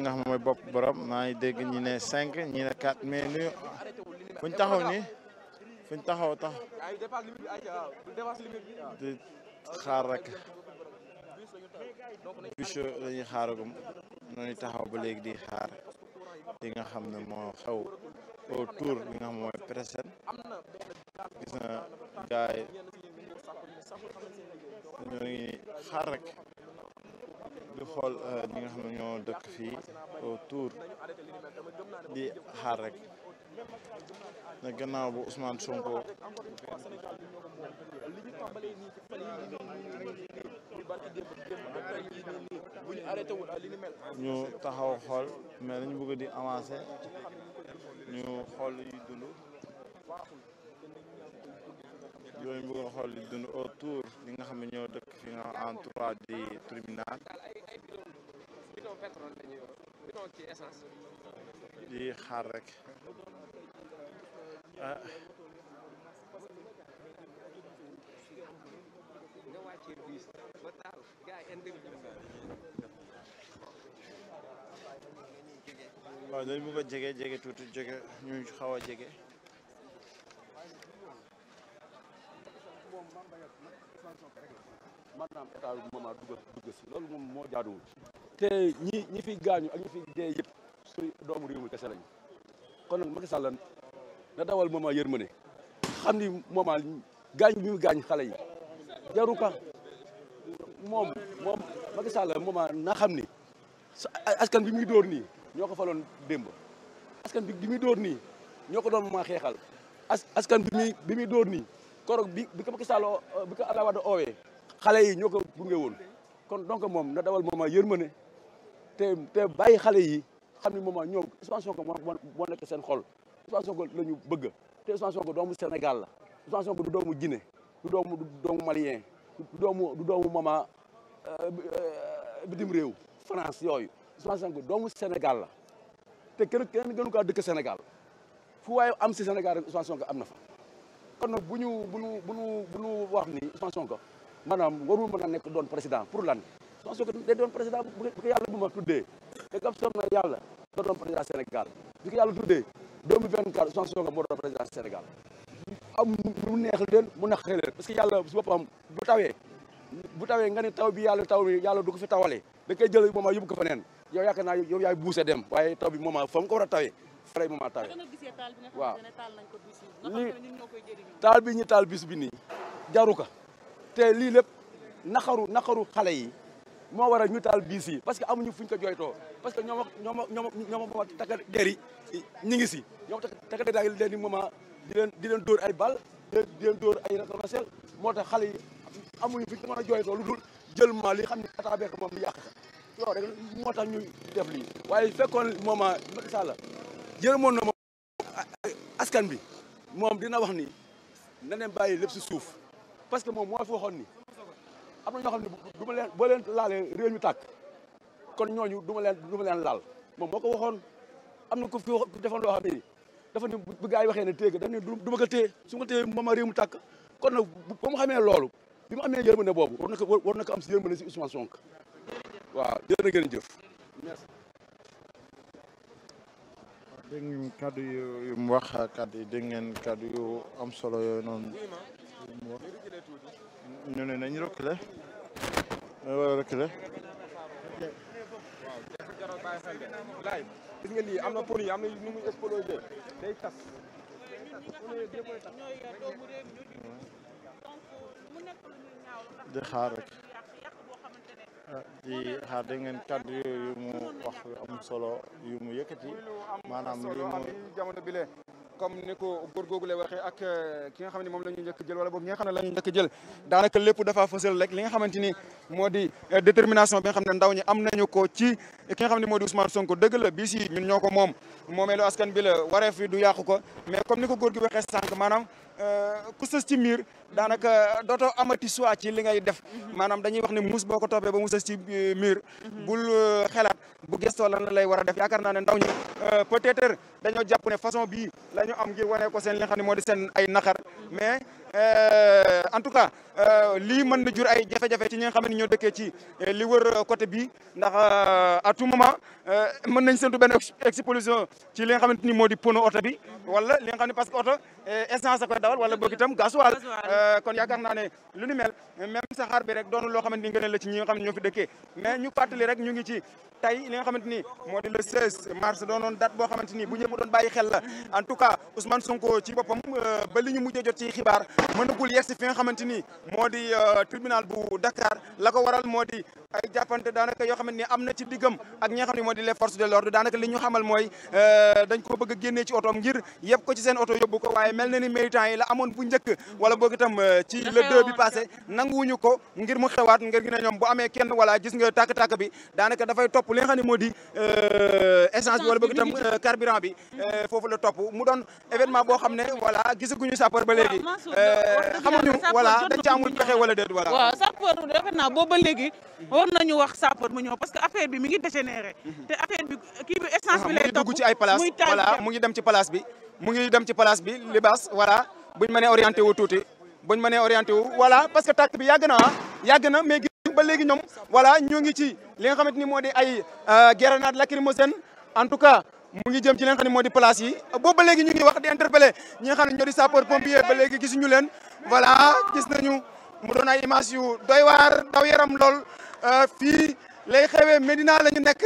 li nga xam bopp borom maa ngi dégg ñi ne cinq ñi ne quatre mais nuyu fuñ taxaw ni fuñ taxaw tax di xaar rek biche lañuy xaaragum noonu taxaw ba léegi di xaar li nga xam ne moo xew autour li nga xam mooy gis na gaay ñoo xaar rek di xool euh, ñi nga xam ñoo dëkk fii autour di xaar rek ne gannaaw bu usmaan Sonko ñu taxaw xool mais lañu bëgg di avancer ñu xool yi dund yooyu bëggoon xool li dund autour li nga xam ne ñoo dëkk fi nga en trois di terminal di xaar rek ah waaw dañ bëgg a jege jege tuuti jege ñu xaw a jege maanaam état bi mën si loolu moom moo jaaduwul te ñi ñi fiy gaañu ak ñi fiy dee yëpp suñu doomu réew mi kese lañu kon nag Macky Sall na dawal moment yërmande xam ni moment gaañ bi mu gaañ xale yi jaru ko moom moom Macky Sall na xam ni askan bi muy dóor nii ñoo ko faloon démb askan bi bi muy dóor nii ñoo ko doon moment xeexal askan bi muy bi muy dóor nii koroog bi bi ko Macky Sall euh, bi ko Abdoulaye Wade oowee xale yi ñoo ko gunge woon kon donc moom na dawal mooma yërmande te te bàyyi xale yi xam ni mooma ñoom Ousmane Sonko moo moo nekk seen xol Ousmane Sonko la bëgg te Ousmane Sonko doomu Sénégal la Ousmane Sonko du doomu Guinée du doomu du doomu du doomu du mama euh, euh, bitim réew France yooyu Ousmane Sonko doomu Sénégal la te kenn kenn gënu kaa dëkk Sénégal fu waaye am si Sénégal rek am na fa kon nag bu ñu bu ñu bu ñu bu ñu wax ni Ousmane Sonko maanaam warul mën a nekk doon président pour lan Ousmane Sonko day doon président bu ko yàlla bu ma tuddee te gam yàlla doo doon président Sénégal bu ko yàlla tuddee 2024 Ousmane Sonko moo doon président Sénégal am mu neex leen mu neex leen parce que yàlla si boppam bu tawee bu tawee nga ne taw bi yàlla taw bi yàlla du ko fi da koy jël moment yóbbu ko fa neen yow yaakaar naa yow yaay buuse dem waaye taw bi moment fa mu ko war a tawee rey mu ma taal waaw lii taal bi ñu taal bis bi nii jaru ko te lii lépp naxaru naxaru xale yi moo war a ñu taal bis yi parce que amuñu fu fuñ ko jooytoo parce que ñoom ak a ak ñoom ak ñoom ak takk der yi ñu ngi si ñoom takk der yi leen di moment di di leen dóor ay bal di leen dóor ay recommencel moo tax xale yi amuñu fuñ ko a jooytoo lu li xam ne kataa beek moom ko moo tax ñu def lii waaye fekkoon moment Macky Sall yërëmoon na moom askan bi moom dina wax ni na leen bàyyi lépp si suuf parce que moom moo fi waxoon ni am na ñoo xam ne du ma leen boo leen laalee réew mi tàkk kon ñooñu du ma leen du ma leen laal moom moo ko waxoon am na ku fi defoon loo xam ne dafa ni bu gars yi waxee ne téye ko daf ne du ma ko téye su ma ko moom a réew mu tàkk kon nag ba mu xamee loolu bi mu amee yërmande boobu war na ko war na ko am si yërmande si Ousmane Sonko waaw jërë ngeen jëf merci dégg ngeen kàddu yu mu wax kàddu yi dégg ngeen kàddu yu am solo yooyu noonu mu wax ñu ne nañu reculer dañu war a reculer laay gis nga xaar rek di xaar da ngeen kàddu yu mu wax am solo yu mu yëkkati maanaam li mu jamono bi le comme ni ko góor googu lay waxee ak eh, ki nga xam ne moom la ñu njëkk jël wala boobu ñi nga xam la ñu daanaka lépp dafa fësal li nga xamante ni moo di eh, détermination bi nga xam ne ndaw ñi am nañu ko ci ki nga xam ne moo di Ousmane Sonko dëgg la bii si ñun ñoo ko moom moomeelu askan bi la wareef du yàqu ko mais comme ni ko góor gi waxee sànq Euh, ku sës ci miir daanaka dootoo amati choix ci li ngay def maanaam dañuy wax ne muus boo ko toppee ba mu sës ci euh, miir bul euh, xelaat bu gëstoo lan la lay war a def yaakaar naa ne ndaw ñi peut-être dañoo jàpp ne façon bi la ñu am ngir wanee ko seen li nga xam moo di seen ay naqar mais Euh, en tout cas euh, li mën na jur ay jafe-jafe ci ñi nga xam ne ñoo dëkkee ci euh, li wër côté bi ndax a tout moment mën nañ séntu benn explosion ci li nga xamante ni moo di pono oto bi wala li nga xam ne parce essence a koy dawal wala boog itam gasoil kon yaakaar naa lu ni mel même saxaar bi rek doonul loo xamante ni gënal la ci ñi nga ne ñoo fi dëkkee mais ñu fàttali rek ñu ngi ci tey li nga xamante ni moo di le mars doonoon date boo xamante ni bu ñëpp doon bàyyi xel la en tout cas Ousmane Sonko ci boppam ba jot ci xibaar mënagul yegg si fi nga xamante ni moo di euh, tribunal bu Dakar la ko waral moo di ay jàppante daanaka yoo xamante ni am na ci diggam xam moo di les forces de l'ordre daanaka mooy euh, dañ ko bëgg a génnee ci otoom ngir yëpp ko ci seen oto yóbbu ko waaye mel na ni militant yi la amoon bu njëkk wala boog itam euh, ci le deux bi passé nanguwuñu ko ngir mu xewaat nga gi ne ñoom bu amee kenn wala gis nga tàkk-tàkk bi daanaka dafay topp li nga xam ne moo di euh, essence bi wala boog itam carburant bi foofu la topp mu doon événement boo xam ne voilà gisaguñu sapeur ba léegi xamuñu voilà dañ ci amul pexe wala déet voilà war nañu wax sapeur mu ñëw parce que affaire bi mi ngi dégénéré. Mhm. te affaire bi kii bi essence bi lay topp ci ay place voilà mu ngi dem ci place bi. mu ngi buñ mënee orienté wu tuuti buñ mënee orienté wu voilà parce que tàkk bi yàgg na ah yàgg na mais ba léegi ñoom voilà ñoo ngi ci li nga ni moo di ay euh, grenade lacrymogène en tout cas mu ngi jëm ci li nga xam moo di place yi boobu ba léegi ñu ngi wax di interpellé ñi xam ne di sapeur pompier leen voilà gis nañu mu doon ay image yu doy waar daw yaram lool Euh, fii lay xewee Médina la ñu nekk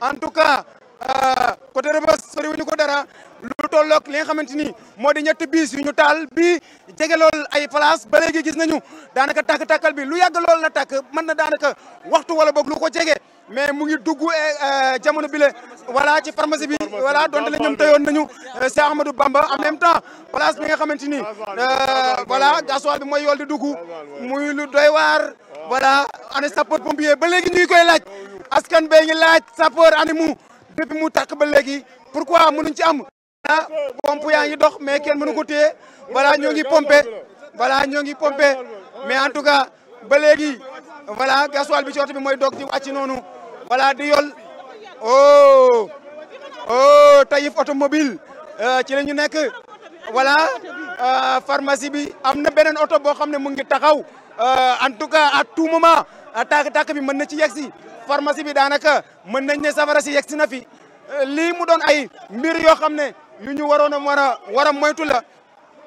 en tout cas euh, côté Rebeuss sori wuñu ko dara lu tolloog li nga xamante ni moo di ñetti biis yu ñu taal bi jege lool ay place ba léegi gis nañu daanaka tàkk-tàkkal bi lu yàgg lool la tàkk mën na daanaka waxtu wala boog lu ko jege mais mu ngi dugg eh, eh, jamono bi la voilà ci pharmacie bi voilà donte la ñoom teyoon nañu si eh, Ahmadou Bamba en même temps place bi nga xamante ni euh, voilà gasoil bi mooy yool di dugg muy lu doy waar voilà ana sapeur pompier ba léegi ñuy koy laaj askan bee ngi laaj sapeur ani mu depuis mu tàkk ba léegi pourquoi mënuñ ci am ah pompe yaa ngi dox mais kenn mënu ko téye voilà ñoo ngi pompe voilà ñoo ngi pompe mais en tout cas ba léegi voilà gasoil bi ci oto bi mooy doog di wàcc noonu wala di yol oh oh Taïf automobile euh, ci la ñu nekk voilà euh, pharmacie bi am na beneen oto boo xam ne mu ngi taxaw Euh, en tout cas à tout moment euh, tàkk-tàkk bi mën na ci yegsi pharmacie bi daanaka mën nañ ne safara si yegsi na fi euh, lii mu doon ay mbir yoo xam ne yu ñu waroon a mën a war a moytu la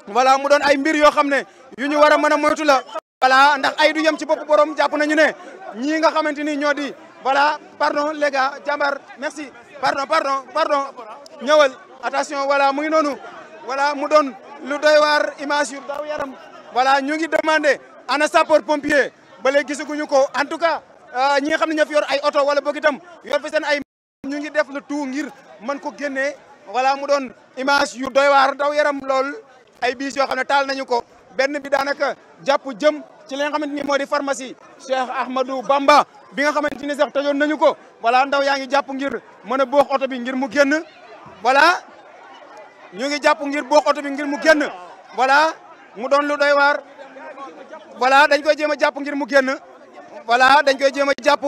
voilà mu doon ay mbir yoo xam ne yu ñu war a mën a moytu la voilà ay du yem ci bopp borom jàpp nañu ne ñii nga xamante ni ñoo di voilà pardon les gars jàmbaar merci pardon pardon pardon ñëwal attention voilà mu noonu voilà mu doon lu doy waar image yu daw yaram voilà ñu ngi demandé ana sapeur pompier ba léegi ñu ko en tout cas euh, ñi nga xam ne ñoo yor ay oto wala boog itam yor fi seen ay ñu ngi def le tout ngir man ko génnee wala mu doon image yu doy waar daw yaram lool ay biis yoo xam ne taal nañu ko benn bi daanaka jàpp jëm ci li nga xamante ni moo di pharmacie Cheikh Ahmadou Bamba bi nga xamante ni sax tëjoon nañu ko voilà ndaw yaa ngi jàpp ngir mën a boox oto bi ngir mu génn voilà ñu ngi jàpp ngir boox oto bi ngir mu génn voilà mu doon lu doy waar voilà dañ koy jéem a jàpp ngir mu génn voilà dañ koy jéem a jàpp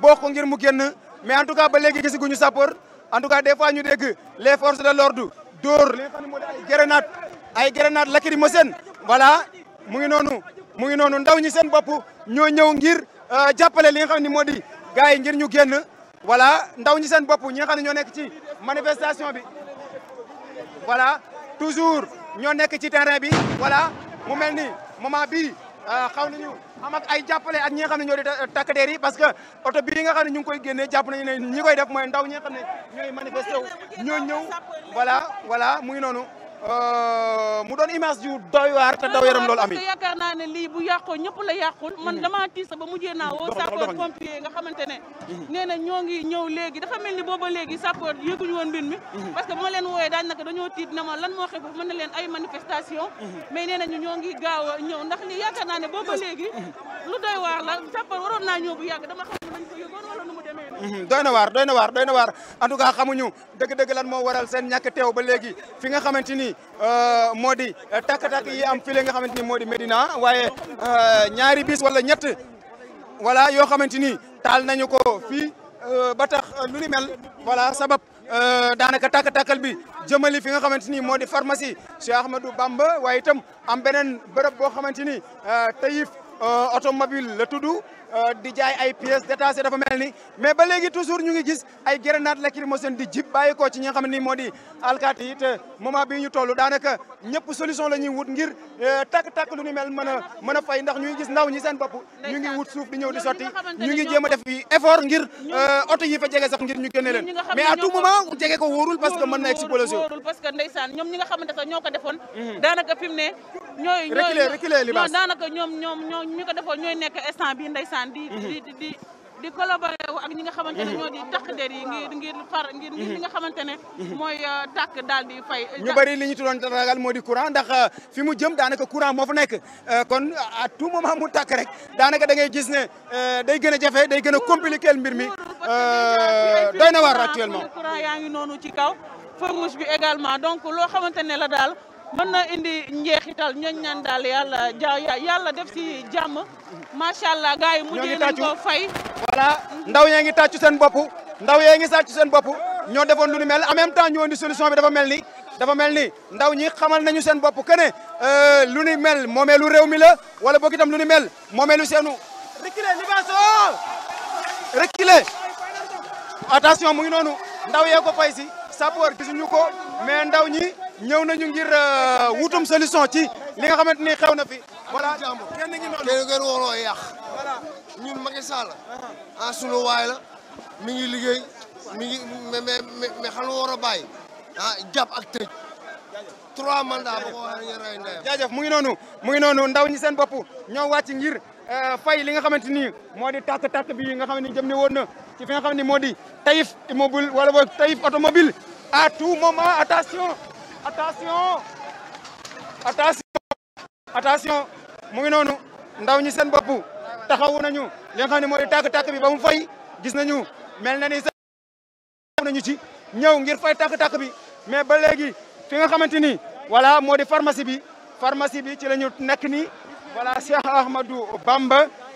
bokk ngir mu génn mais en tout cas ba léegi gisaguñu sapeur en tout ca des fois ñu dégg les forces de l'ordre dóor li xam ne moo di ay grenade ay grenade lacrymogène voilà mu ngi noonu mu ngi noonu ndaw ñi seen bopp ñoo ñëw ngir euh, jàppale li nga xam ni moo di gars yi ngir ñu génn voilà ndaw ñi seen bopp ñi nga xam ne ñoo nekk ci manifestation bi voilà toujours ñoo nekk ci terrain bi voilà mu mel ni moment bii euh, xaw nañu am ak ay jàppale ak ñi nga xam ne ñoo di takk der yi parce que oto bii nga xam ne ñu ngi koy génnee jàpp nañu ne ñi koy def mooy ndaw ñi nga xam ne ñooy manifesté wu ñoo ñëw voilà voilà muy noonu Euh, mu doon image yu doy waar te daw yaram loolu ami yaakaar lii bu yàqoo ñëpp la yàqul man mm. damaa tiis ba mujjee naa woo sapeur pompier nga xamante ne mm-hmm. nee na ñoo ngi ñëw léegi dafa mel ni booba léegi sapeur yëguñu woon mbir mi mm-hmm. parce que bu ma leen wooyee daañ naka dañoo tiit na ma lan moo xew foofu mën na leen ay manifestation mm-hmm. mais nee nañu ñoo ngi gaaw a ñëw ndax lii yaakaar naa ne booba léegi lu doy waar la sapeur waroon naa ñëw bu yàgg dama xam nañ ko yëgoon wala nu na na waar doy na waar en tout cas xamuñu dëgg-dëgg lan moo waral seen ñàkk ba léegi fi nga xamante ni ni euh, moo di euh, takk yi am fii nga xamante ni moo di Médina waaye euh, ñaari bis wala ñett voilà yoo xamante ni taal nañu ko fii ba tax lu ni mel sabab sabab daanaka takk-takkal bi jëmali fi nga xamante ni moo di pharmacie Cheikh Ahmadou Bamba waaye tam am beneen bërëb boo xamante ni Taïf automobile la tudd Euh, di jaay ay pièces détachées dafa mel ni mais ba léegi toujours ñu ngi gis ay grenade lacrymogène di jib bàyyi ko ci ñi xam ni moo di alkaati yi te moment bii ñu toll daanaka ñëpp solution la ñuy wut ngir euh, takk-takk lu ñu mel mën fay ndax ñu gis ndaw ñi seen bopp ñu ngi wut suuf di ñëw di sotti ñu ngi jéem def effort ngir euh, oto yi fa jege sax ngir ñu génne leen mais à tout moment jege ko wóorul parce que mën na explosion wóorul parce que ndeysaan ñoom ñi nga xamante ne ñooy ñooy ñoo daanaka ñoom ñoom ñoo ñu ko defoon ñooy nekk instant bi ndeysaan mhm. di di di di collaboré wu ak ñi nga xamante ne mhm. ñoo di takk der yi ngir ngir far ngir ngir li nga mhm. xamante ne mooy euh, tàkk daal di fay ñu bëri li ñu tuddoon ragal moo di courant ndax euh, fi mu jëm daanaka courant moo fa nekk euh, kon à tout moment mu tàkk rek daanaka da ngay gis ne day gën a jafe day gën a compliqué mbir mi doy na waar actuellement courant yaa ngi noonu ci kaw feu rouge bi également donc loo xamante ne la daal mën na indi njeexital ñooñ ñaan daal yàlla ja yàlla def si jàmm macha allah gars yi mujjee nañ ko fay voilà ndaw yee ngi tàccu seen bopp ndaw yee ngi tàccu seen bopp ñoo defoon lu ni mel en même temps ñu woon di solution bi dafa mel ni dafa mel ni ndaw ñi xamal nañu seen boppu que ne euh, lu ni mel moomeelu réew mi la wala boog itam lu ni mel moomeelu seenu reculer Libasso reculer attention mu ngi noonu ndaw yee ko fay si sapeur gisuñu ko mais ndaw ñi ñëw nañu ngir euh, wutum solution ci li nga xamante ni xew na fi. voilà kenn ngi noonu kenn ngeen waroo yàq. ñun Macky Sall. ah sunu waay la mi ngi liggéey mi ngi mais mais mais xam nga war a bàyyi ah jàpp ak tëj. trois mandats boo ko waxee ñu rey ndeyam. jaajëf mu ngi noonu mu ngi noonu ndaw ñi seen bopp ñoo wàcc ngir. Euh, fay li nga xamante ni moo di tàkk-tàkk bi nga xam ne jëm ne woon na ci fi nga xam moo di Taïf immobile wala boog Taïf automobile à tout moment attention attention attention mu ngi noonu ndaw ñi seen bopp taxawu nañu li nga xam ne mooy tàkk-tàkk bi ba mu fay gis nañu mel na ni sax nañu ci ñëw ngir fay takk tàkk bi mais ba léegi fi nga xamante ni voilà moo di pharmacie bi pharmacie bi ci la ñu nekk nii voilà Cheikh Ahmadou Bamba